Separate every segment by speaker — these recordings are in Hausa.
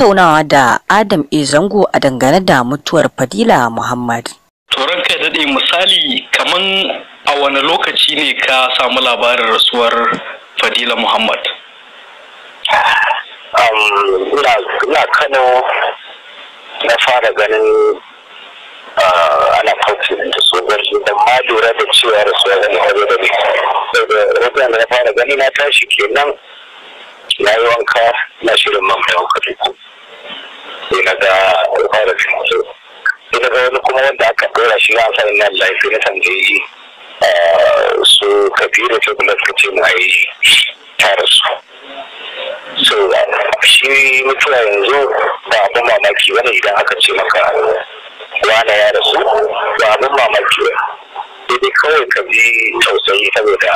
Speaker 1: tattaunawa da Adam E. a dangane da mutuwar Fadila Muhammad.
Speaker 2: Turan kai daɗe misali kaman a wani lokaci ne ka samu labarin rasuwar Fadila Muhammad? Ina Kano na fara ganin ana kauce da shi, da ma lura da cewa rasuwar da haro da ne. da na fara gani na tashi kenan na yi wanka na shirin mamaye wanka sai na ga fara cin wasu sai ga wani kuma wanda aka ɗora shi na sa ina lafi na tambayi eh, su kabiru ta kuma suka ce mu ai tare su so shi mutuwa yanzu ba abin mamaki wani idan aka ce maka wane ya rasu ba abin mamaki ba sai dai kawai ka bi tausayi saboda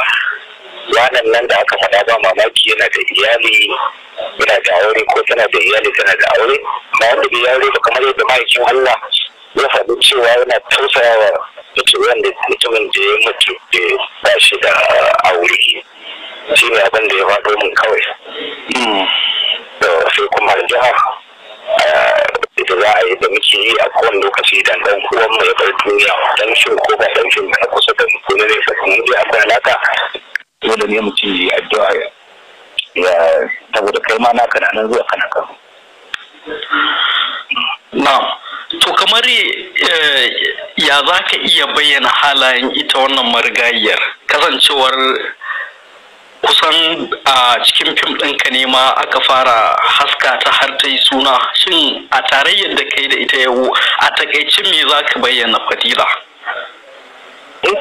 Speaker 2: wanan nan da aka faɗa ba mamaki yana da iyali yana da aure ko tana da iyali tana da aure ba wanda bai yare ba kamar yadda mahaifin Allah ya faɗi cewa yana tausayawa mutum wanda mutumin da ya mutu da ba shi da aure shi ne abin da ya faɗo min kawai sai kuma jiha da eh, za a yi da muke yi a kowane lokaci idan ɗan kowan mai bar duniya dan shin ko ba dan shin ba kusa da mu ko ne sai mun ji akwai alaka dole ne mutum yi addu'a ya saboda kai ma naka na nan zuwa kana kan na to kamar eh, ya za ka iya bayyana halayen ita wannan marigayiyar kasancewar kusan a cikin fim ɗinka ne ma aka fara haska ta har ta yi suna shin a tarayyar da kai da ita yau a takaicin me za ka bayyana fadila eh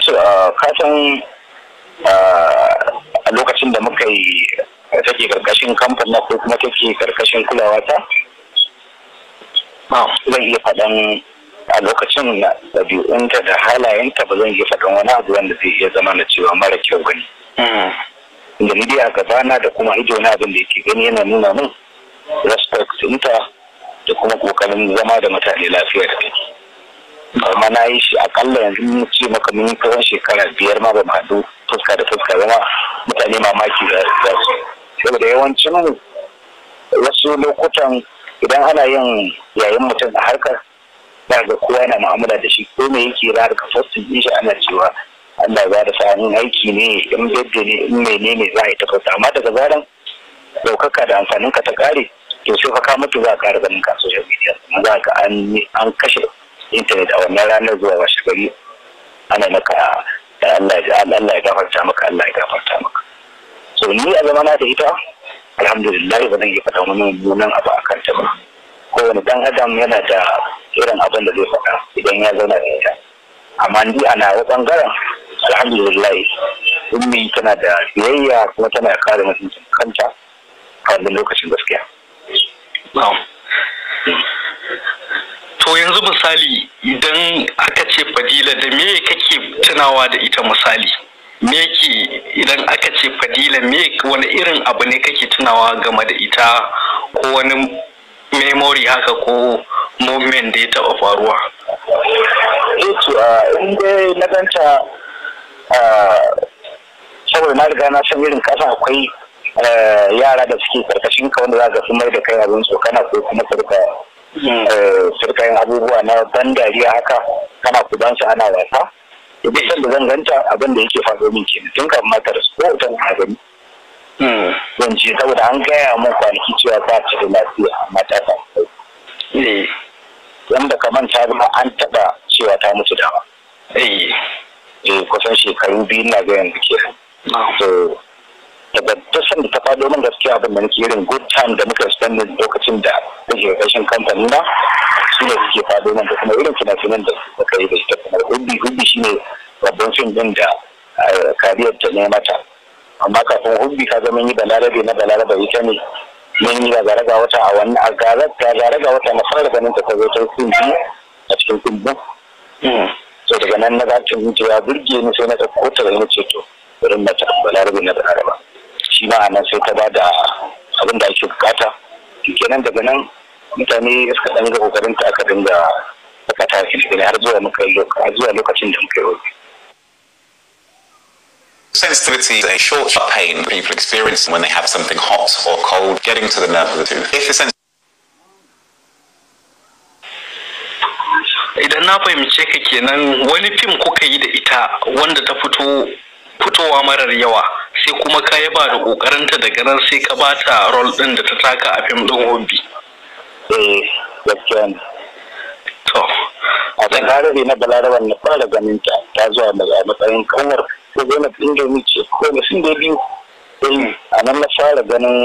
Speaker 2: kasan a lokacin da muka yi da take karkashin kamfanin ko kuma take karkashin kulawa ta zan iya faɗan a lokacin na ɗabi'unta da halayenta ba zan iya faɗan wani abu wanda zai iya zama na cewa mara kyau gani hmm. da ni dai a gabana da kuma ido na abin da yake gani yana nuna min respect ɗinta da kuma ƙoƙarin zama da mutane lafiya da take amma na yi shi akalla yanzu mun ce maka mun yi shekara biyar ma ba mu haɗu fuska da fuska zama mutane mamaki za su saboda yawancin wasu lokutan idan ana yin yayin mutum a harkar ba ga kowa yana mu'amala da shi ko me yake ra da kafofin din shi ana cewa Allah za da sa'anin aiki ne in bebe ne in ne za a yi tafasa. amma daga zaran daukaka da amfanin ka ta kare to sai fa ka mutu za a kara ganin ka social media kuma za ka an kashe intanet a wannan ranar zuwa washe gari ana maka Allah ya gafarta maka Allah ya gafarta maka so ni a na da ita alhamdulillah ba zan yi fata wani mummunan abu a kanta ba kowane dan adam yana da irin abin da zai faɗa idan ya zauna da ita amma ni a wa bangaren alhamdulillah ummi tana da biyayya kuma tana kare mutunci kanta a wannan lokacin gaskiya to yanzu misali idan aka ce fadila da me kake tunawa da ita misali me ke idan ce fadila me wani irin abu ne kake tunawa game da ita ko wani memory haka ko moment da ya taɓa faruwa eh to in dai na ganta saboda na riga na san irin kasa akwai yara da suke karkashin ka wanda za ka sun mai da kai abin kana ko kuma sarka hmm. eh, sarka yin abubuwa na ban dariya haka kana kudansu ana wasa da duk sanda zan ganta abin da yake faɗo min ke tun kan matar ko tun abin ban ce saboda an gaya mun kwanaki cewa ba ta da lafiya amma ta eh. wanda ka manta ba an taɓa cewa ta mutu dama eh. eh kusan shekaru biyu na ga yanzu ke daga dasan da ta faɗo min gaskiya abin da nake irin good time da muka spending lokacin da nake rashin kamfani na su ne suke faɗo min da kuma irin fina-finan da suka yi da shi ta kuma hubbi hubbi shine babban fim ɗin da eh, kariyar ta ne mata amma kafin hubbi ka zama yi balarabe na balarabe ita ne mun yi gagaraga wata a wani a gagaraga wata na fara ganin ta ta zo ta fim biyu a cikin fim ɗin hmm. to daga nan na zakin mutu ya burge ni sai na ɗauko ta da ni ce bari mata balarabe na balarabe shi ma sai ta ba da abin da ake bukata kenan daga nan mutane suka ɗan ga kokarin ta aka dinga aka tafi da har zuwa muka zuwa lokacin da muka yi Sensitivity is a short sharp pain people experience when they have something hot or cold getting to the nerve of the tooth. If the Idan na fahimce ka kenan wani fim kuka yi da ita wanda ta fito fitowa marar yawa sai kuma ka yaba da kokarinta daga nan sai ka bata rol din da ta taka a fim din hobby eh gaskiya to a tsanarare na balaraban na fara ganin ta ta zuwa daga matsayin kanwar ko na dinga ce ko na sun da biyu eh, a nan na fara ganin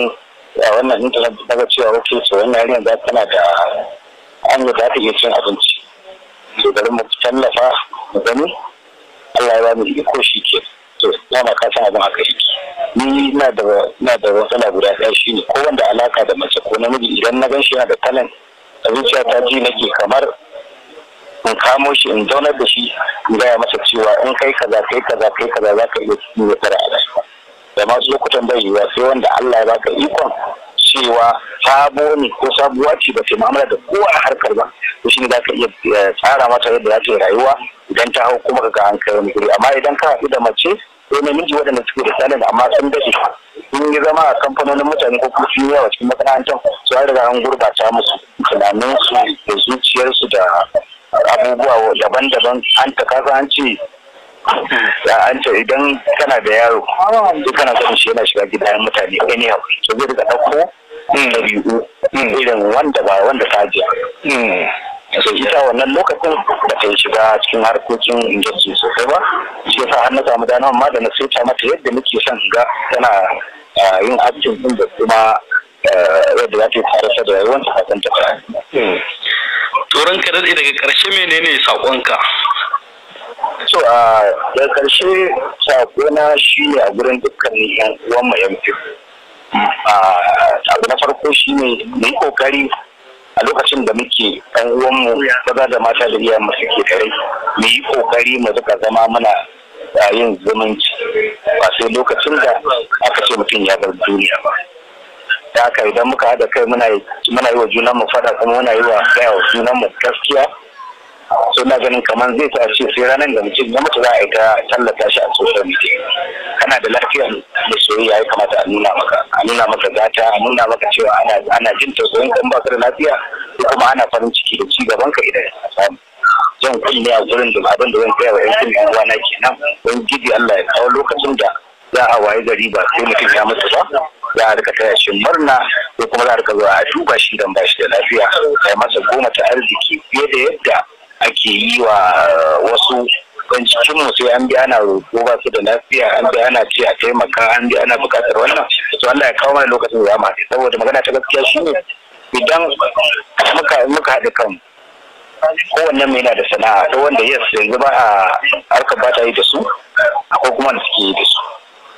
Speaker 2: a wannan intanet daga cewa wace ce wannan yarinya za tana da an da ta iya cin abinci so garin mu tallafa mu gani Allah ya ba mu iko shi ka abin a kai ni na da na da matsala guda ɗaya ne. ko wanda alaka da mace ko namiji idan na gan shi yana da talent a ta ji nake kamar in kamo shi in zaunar da shi in gaya masa cewa in kai kaza kai kaza kai kaza za ka iya cikin ya tara a da masu lokutan bai yiwuwa sai wanda Allah ya baka ikon cewa sabo ne ko sabuwa ce ba ta da kowa a harkar ba to shine za ka iya eh, tsara mata yadda za ta yi rayuwa idan ta hau kuma ka ga an kai wani guri amma idan ka haɗu da mace ko namiji waɗanda suke da talent amma sun dace sun yi zama a kamfanonin mutane ko kuma sun yawa cikin makarantar su an riga an gurbata musu tunaninsu da zuciyarsu da abubuwa daban-daban an ta kasa an ce an ce idan kana da yaro duk kana ganin shi yana shiga gida mutane anyhow to zai daga ɗauko ɗabi'u irin wanda ba wanda ta je sai ita wannan lokacin da ta shiga cikin harkokin industry sosai ba shi yasa har na samu dana amma da na saita mata yadda muke son ga tana yin aikin din da kuma yadda za ta tare da rayuwar ta kan ta hmm. turan ka dade daga karshe menene sakonka so a daga karshe sakona ne a gurin dukkanin yan uwan mu yan abu na farko shi ne yi kokari a lokacin da muke ɗan uwanmu maza da mata da masu ke tare mu yi kokari mu duka zama muna yin zumunci ba sai lokacin da aka ce mutum ya bar duniya ba da haka idan muka haɗa kai muna yi wa junanmu fada kuma muna yi wa gaya wa junanmu gaskiya so na ganin kamar zai sa ce sai ranar da mutum na mutu za a yi ta tallata shi a social media kana da lafiyar da soyayya ya kamata a nuna maka a nuna maka gata a nuna maka cewa ana ana jin tausayin ka in lafiya ko kuma ana farin ciki da ci gaban ka idan ka samu zan kunne a gurin da abin da zan kai wa yan jin uwa na kenan wani gidi Allah ya kawo lokacin da za a waye gari ba sai mutum ya mutu ba za a rika taya shi murna ko kuma za a rika zuwa a duba shi dan ba shi da lafiya kai masa goma ta arziki fiye da yadda ake yi wa wasu mu sai an bi ana roƙo ba su da lafiya an bi ana ce a taimaka an bi ana buƙatar wannan to Allah ya kawo mana lokacin da saboda magana ta gaskiya shine idan muka muka haɗu kan kowanne mai yana da sana'a ta wanda yes yanzu ba a harka ba ta yi da su akwai kuma da suke yi da su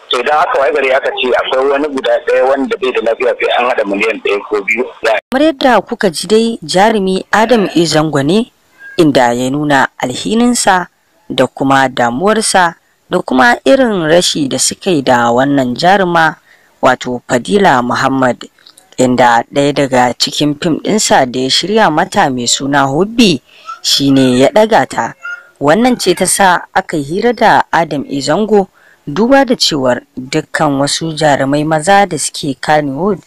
Speaker 2: to idan aka wai gari aka ce akwai wani guda ɗaya wanda bai da lafiya sai an haɗa miliyan ɗaya ko biyu kamar
Speaker 1: yadda kuka ji dai jarumi adam izangwane inda ya nuna alhininsa da kuma damuwarsa da kuma irin rashi da suka yi da wannan jaruma wato fadila muhammad inda ɗaya daga cikin fim ɗinsa da ya shirya mata mai suna hobby shine ya ɗaga ta wannan ce ta sa aka hira da adam izango duba da cewar dukkan wasu jarumai maza da suke kannywood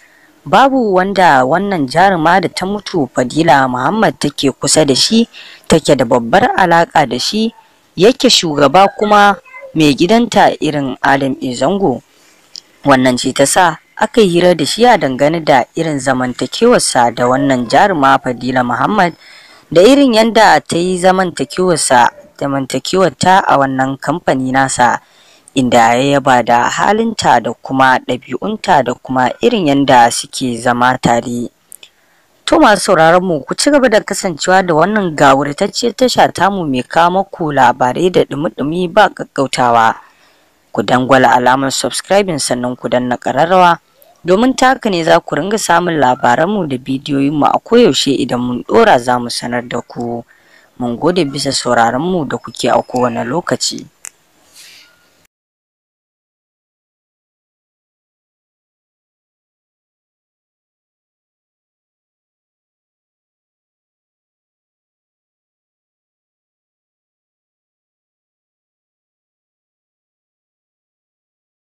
Speaker 1: babu wanda wannan jaruma da ta mutu fadila muhammad take kusa da shi take da babbar alaka da shi yake shugaba kuma mai gidanta irin adam izango wannan ce ta sa aka yi hira da shi a dangane da irin zamantakewarsa da wannan jaruma fadila muhammad da irin yadda ta yi zamantakewarsa zamantakewarta a wannan kamfani nasa inda ya yaba da halinta da kuma ɗabi'unta da kuma irin yadda suke zama tare. To masu sauraron mu ku ci gaba da kasancewa da wannan gawurtacce tasha mu mai kawo maku labarai da dumi-dumi ba gaggautawa. Ku dangwala alamar subscribing sannan ku danna ƙararrawa domin taka ne za ku ringa samun labaranmu da bidiyoyinmu a koyaushe idan mun ɗora za mu sanar da ku. Mun gode bisa sauraronmu da kuke a kowane lokaci.